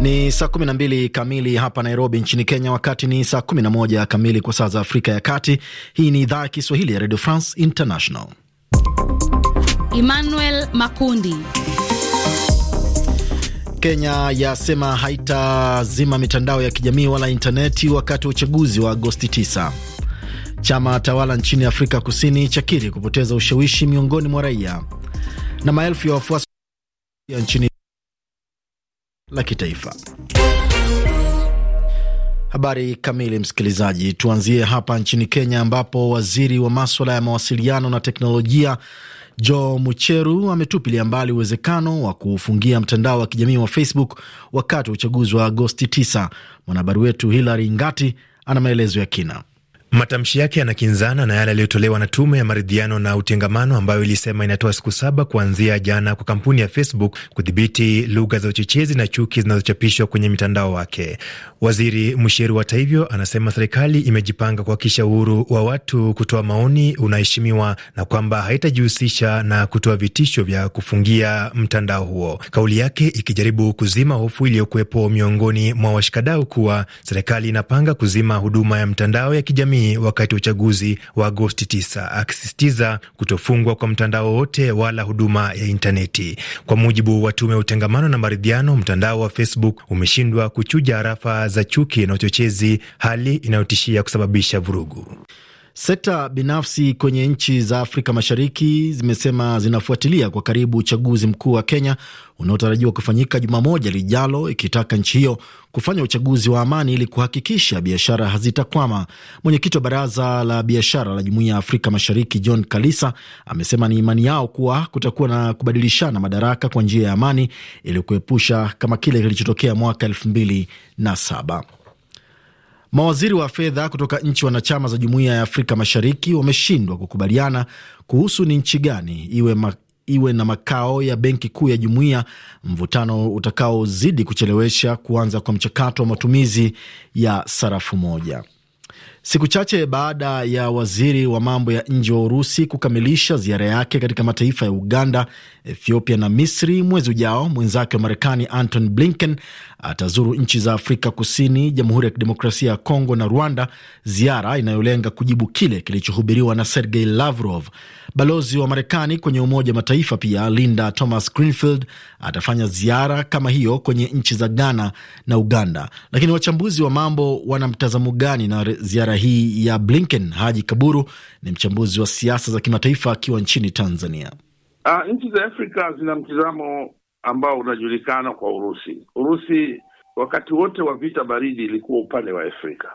Ni saa 12 kamili hapa Nairobi nchini Kenya, wakati ni saa 11 kamili kwa saa za Afrika ya Kati. Hii ni idhaa ya Kiswahili ya Radio France International. Emmanuel Makundi. Kenya yasema haitazima mitandao ya kijamii wala intaneti wakati wa uchaguzi wa Agosti 9. Chama tawala nchini Afrika Kusini chakiri kupoteza ushawishi miongoni mwa raia na maelfu ya wafuasi nchini la kitaifa. Habari kamili, msikilizaji. Tuanzie hapa nchini Kenya, ambapo waziri wa maswala ya mawasiliano na teknolojia jo Mucheru ametupilia mbali uwezekano wa kuufungia mtandao wa kijamii wa Facebook wakati wa uchaguzi wa Agosti 9. Mwanahabari wetu Hilary Ngati ana maelezo ya kina. Matamshi yake yanakinzana na yale yaliyotolewa na tume ya maridhiano na utengamano ambayo ilisema inatoa siku saba kuanzia jana kwa kampuni ya Facebook kudhibiti lugha za uchochezi na chuki zinazochapishwa kwenye mitandao wake. Waziri Mshiru, hata hivyo anasema serikali imejipanga kuhakikisha uhuru wa watu kutoa maoni unaheshimiwa na kwamba haitajihusisha na kutoa vitisho vya kufungia mtandao huo, kauli yake ikijaribu kuzima hofu iliyokuwepo miongoni mwa washikadau kuwa serikali inapanga kuzima huduma ya mtandao ya kijamii kijamii wakati wa uchaguzi wa Agosti 9 akisisitiza kutofungwa kwa mtandao wote wala huduma ya intaneti. Kwa mujibu wa tume ya utengamano na maridhiano, mtandao wa Facebook umeshindwa kuchuja arafa za chuki na uchochezi, hali inayotishia kusababisha vurugu. Sekta binafsi kwenye nchi za Afrika Mashariki zimesema zinafuatilia kwa karibu uchaguzi mkuu wa Kenya unaotarajiwa kufanyika juma moja lijalo, ikitaka nchi hiyo kufanya uchaguzi wa amani ili kuhakikisha biashara hazitakwama. Mwenyekiti wa Baraza la Biashara la Jumuiya ya Afrika Mashariki John Kalisa amesema ni imani yao kuwa kutakuwa na kubadilishana madaraka kwa njia ya amani ili kuepusha kama kile kilichotokea mwaka elfu mbili na saba. Mawaziri wa fedha kutoka nchi wanachama za Jumuiya ya Afrika Mashariki wameshindwa kukubaliana kuhusu ni nchi gani iwe ma, iwe na makao ya benki kuu ya jumuiya, mvutano utakaozidi kuchelewesha kuanza kwa mchakato wa matumizi ya sarafu moja. Siku chache baada ya waziri wa mambo ya nje wa Urusi kukamilisha ziara yake katika mataifa ya Uganda, Ethiopia na Misri mwezi ujao, mwenzake wa Marekani Anton Blinken atazuru nchi za Afrika Kusini, Jamhuri ya Kidemokrasia ya Kongo na Rwanda, ziara inayolenga kujibu kile kilichohubiriwa na Sergei Lavrov. Balozi wa Marekani kwenye Umoja Mataifa pia Linda Thomas Greenfield atafanya ziara kama hiyo kwenye nchi za Ghana na Uganda. Lakini wachambuzi wa mambo wana mtazamo gani na ziara hii ya Blinken? Haji Kaburu ni mchambuzi wa siasa za kimataifa akiwa nchini Tanzania. Uh, nchi za Afrika zina mtizamo ambao unajulikana kwa Urusi. Urusi wakati wote wa vita baridi ilikuwa upande wa Afrika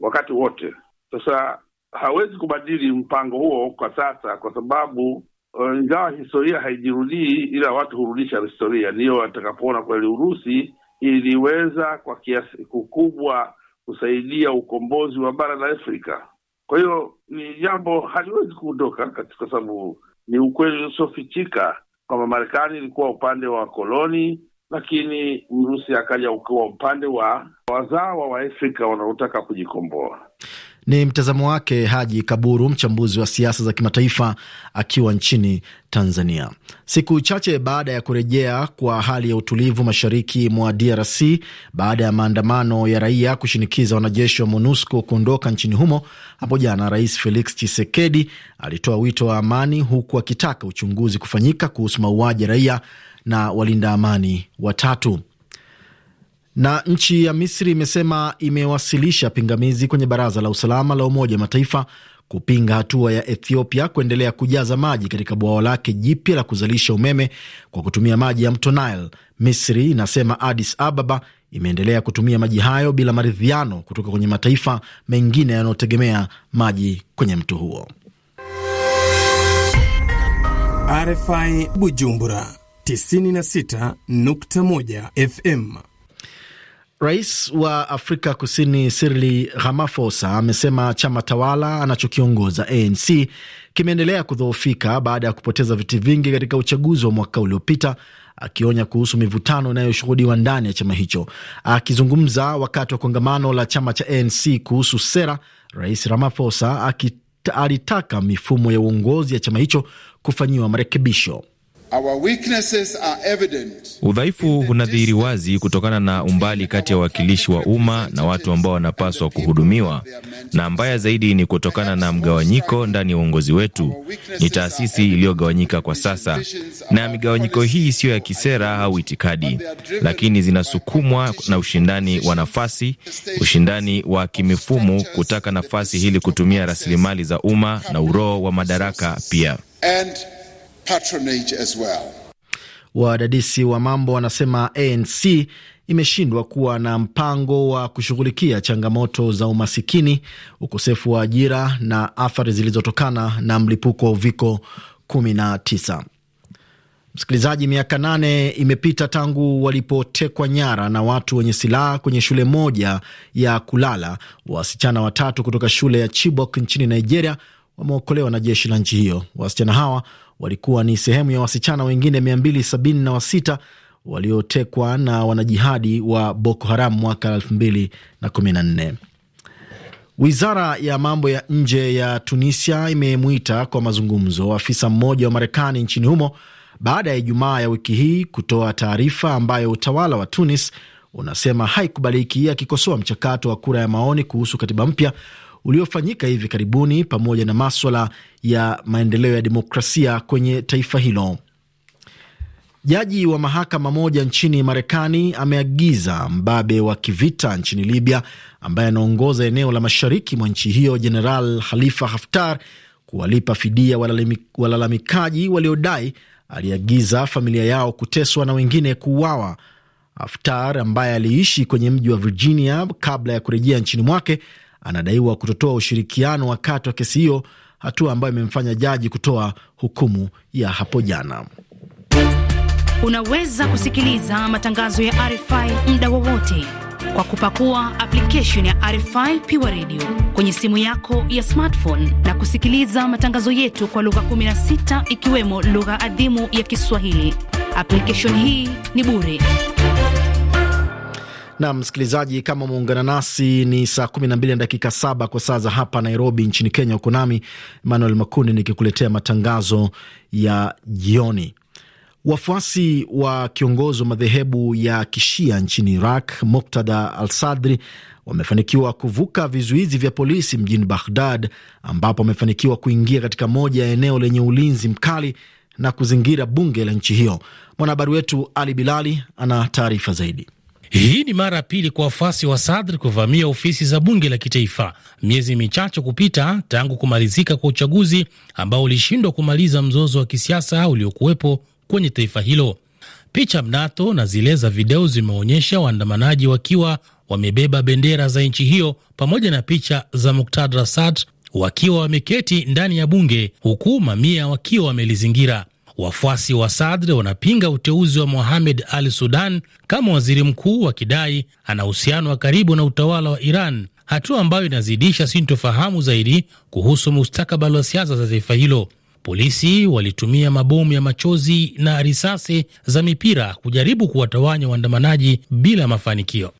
wakati wote. Sasa hawezi kubadili mpango huo kwa sasa, kwa sababu uh, ingawa historia haijirudii, ila watu hurudisha historia. Ndiyo watakapoona kweli Urusi iliweza kwa kiasi kikubwa kusaidia ukombozi wa bara la Afrika. Kwa hiyo ni jambo haliwezi kuondoka, kwa sababu ni ukweli usiofichika kwamba Marekani ilikuwa upande wa koloni, lakini Mrusi akaja ukiwa upande wa wazawa wa Afrika wanaotaka kujikomboa. Ni mtazamo wake Haji Kaburu, mchambuzi wa siasa za kimataifa akiwa nchini Tanzania. Siku chache baada ya kurejea kwa hali ya utulivu mashariki mwa DRC baada ya maandamano ya raia kushinikiza wanajeshi wa MONUSCO kuondoka nchini humo, hapo jana Rais Felix Tshisekedi alitoa wito wa amani, huku akitaka uchunguzi kufanyika kuhusu mauaji ya raia na walinda amani watatu. Na nchi ya Misri imesema imewasilisha pingamizi kwenye Baraza la Usalama la Umoja wa Mataifa kupinga hatua ya Ethiopia kuendelea kujaza maji katika bwawa lake jipya la kuzalisha umeme kwa kutumia maji ya mto Nile. Misri inasema Addis Ababa imeendelea kutumia maji hayo bila maridhiano kutoka kwenye mataifa mengine yanayotegemea maji kwenye mto huo. RFI Bujumbura 96.1 FM Rais wa Afrika Kusini Cyril Ramaphosa amesema chama tawala anachokiongoza ANC kimeendelea kudhoofika baada ya kupoteza viti vingi katika uchaguzi wa mwaka uliopita, akionya kuhusu mivutano inayoshuhudiwa ndani ya chama hicho. Akizungumza wakati wa kongamano la chama cha ANC kuhusu sera, Rais Ramaphosa alitaka mifumo ya uongozi ya chama hicho kufanyiwa marekebisho. Udhaifu unadhihiri wazi kutokana na umbali kati ya wawakilishi wa umma na watu ambao wanapaswa kuhudumiwa, na mbaya zaidi ni kutokana na mgawanyiko ndani ya uongozi wetu. Ni taasisi iliyogawanyika kwa sasa, na migawanyiko hii siyo ya kisera au itikadi, lakini zinasukumwa na ushindani wa nafasi, ushindani wa kimifumo, kutaka nafasi ili kutumia rasilimali za umma na uroho wa madaraka pia And patronage as well. Wadadisi wa mambo wanasema ANC imeshindwa kuwa na mpango wa kushughulikia changamoto za umasikini, ukosefu wa ajira na athari zilizotokana na mlipuko wa uviko 19. Msikilizaji, miaka nane imepita tangu walipotekwa nyara na watu wenye silaha kwenye shule moja ya kulala. Wasichana watatu kutoka shule ya Chibok nchini Nigeria wameokolewa na jeshi la nchi hiyo. Wasichana hawa walikuwa ni sehemu ya wasichana wengine 276 waliotekwa na wanajihadi wa Boko Haram mwaka 2014. Wizara ya mambo ya nje ya Tunisia imemwita kwa mazungumzo afisa mmoja wa Marekani nchini humo baada ya Ijumaa ya wiki hii kutoa taarifa ambayo utawala wa Tunis unasema haikubaliki, akikosoa mchakato wa kura ya maoni kuhusu katiba mpya uliofanyika hivi karibuni pamoja na maswala ya maendeleo ya demokrasia kwenye taifa hilo. Jaji wa mahakama moja nchini Marekani ameagiza mbabe wa kivita nchini Libya ambaye anaongoza eneo la mashariki mwa nchi hiyo Jeneral Khalifa Haftar kuwalipa fidia walalamikaji waliodai aliagiza familia yao kuteswa na wengine kuuawa. Haftar ambaye aliishi kwenye mji wa Virginia kabla ya kurejea nchini mwake anadaiwa kutotoa ushirikiano wakati wa kesi hiyo, hatua ambayo imemfanya jaji kutoa hukumu ya hapo jana. Unaweza kusikiliza matangazo ya RFI muda wowote kwa kupakua application ya RFI Pure Radio kwenye simu yako ya smartphone na kusikiliza matangazo yetu kwa lugha 16 ikiwemo lugha adhimu ya Kiswahili. Application hii ni bure. Na msikilizaji, kama umeungana nasi ni saa kumi na dakika saba kwa saa za hapa Nairobi nchini Kenya, huko nami Emmanuel Makundi nikikuletea matangazo ya jioni. Wafuasi wa kiongozi wa madhehebu ya kishia nchini Iraq, Muktada al Sadri, wamefanikiwa kuvuka vizuizi vya polisi mjini Baghdad, ambapo wamefanikiwa kuingia katika moja ya eneo lenye ulinzi mkali na kuzingira bunge la nchi hiyo. Mwanahabari wetu Ali Bilali ana taarifa zaidi. Hii ni mara ya pili kwa wafuasi wa Sadr kuvamia ofisi za bunge la kitaifa, miezi michache kupita tangu kumalizika kwa uchaguzi ambao ulishindwa kumaliza mzozo wa kisiasa uliokuwepo kwenye taifa hilo. Picha mnato na zile za video zimeonyesha waandamanaji wakiwa wamebeba bendera za nchi hiyo pamoja na picha za Muktadra Sad wakiwa wameketi ndani ya bunge huku mamia wakiwa wamelizingira. Wafuasi wa Sadr wanapinga uteuzi wa Mohamed Al Sudan kama waziri mkuu, wakidai ana uhusiano wa karibu na utawala wa Iran, hatua ambayo inazidisha sintofahamu zaidi kuhusu mustakabali wa siasa za taifa hilo. Polisi walitumia mabomu ya machozi na risasi za mipira kujaribu kuwatawanya waandamanaji bila mafanikio.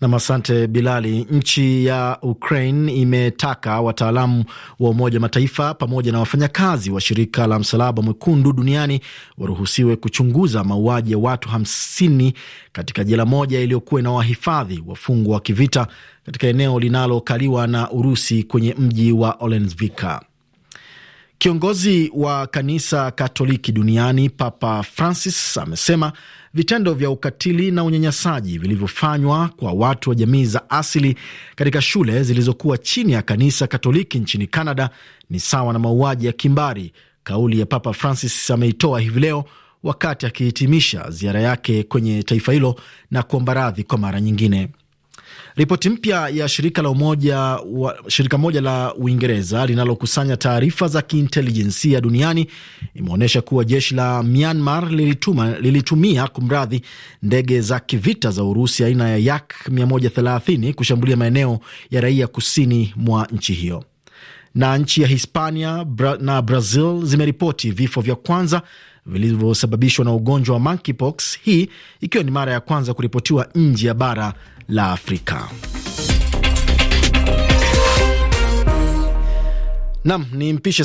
Nam, asante Bilali. Nchi ya Ukraine imetaka wataalamu wa Umoja Mataifa pamoja na wafanyakazi wa shirika la Msalaba Mwekundu duniani waruhusiwe kuchunguza mauaji ya watu hamsini katika jela moja iliyokuwa na wahifadhi wafungwa wa kivita katika eneo linalokaliwa na Urusi kwenye mji wa Olenivka. Kiongozi wa kanisa Katoliki duniani Papa Francis amesema vitendo vya ukatili na unyanyasaji vilivyofanywa kwa watu wa jamii za asili katika shule zilizokuwa chini ya kanisa Katoliki nchini Canada ni sawa na mauaji ya kimbari. Kauli ya Papa Francis ameitoa hivi leo wakati akihitimisha ziara yake kwenye taifa hilo na kuomba radhi kwa mara nyingine. Ripoti mpya ya shirika la umoja wa, shirika moja la Uingereza linalokusanya taarifa za kiintelijensia duniani imeonyesha kuwa jeshi la Myanmar lilituma, lilitumia kumradhi, ndege za kivita za Urusi aina ya Yak 130 kushambulia maeneo ya raia kusini mwa nchi hiyo na nchi ya Hispania bra, na Brazil zimeripoti vifo vya kwanza vilivyosababishwa na ugonjwa wa monkeypox, hii ikiwa ni mara ya kwanza kuripotiwa nje ya bara la Afrika. Nam ni mpishe